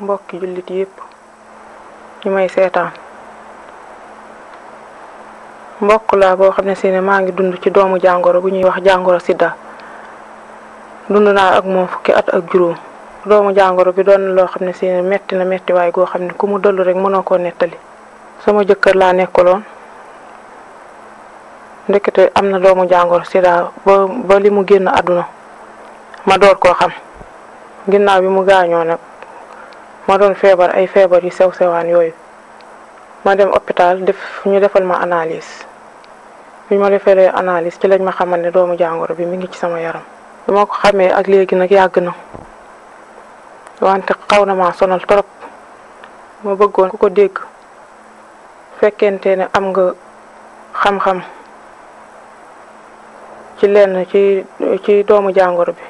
mbokki jullit yépp ñu may seetaan mbokk laa boo xam ne si maa ngi dund ci doomu jàngoro bu ñuy wax jàngoro Sida dund naa ak moom fukki at ak juróom doomu jàngoro bi doon loo xam ne si ne metti na metti waaye goo xam ne ku mu dollu rek mënoo koo nettali sama jëkkër laa nekkaloon ndekete am na doomu jàngoro Sida ba ba li mu génn àdduna ma door koo xam ginnaaw bi mu gaañoo nag ma doon feebar ay feebar yu sew sewaan yooyu ma dem hôpital def ñu defal ma analyse bi ma defalee analyse ci lañ ma xamal ne doomu jàngoro bi mu ngi ci sama yaram. moo ko xamee ak léegi nag yàgg na wante xaw na ma sonal trop ma bëggoon ko dégg fekkente ne am nga xam-xam ci lenn ci ci doomu jàngoro bi.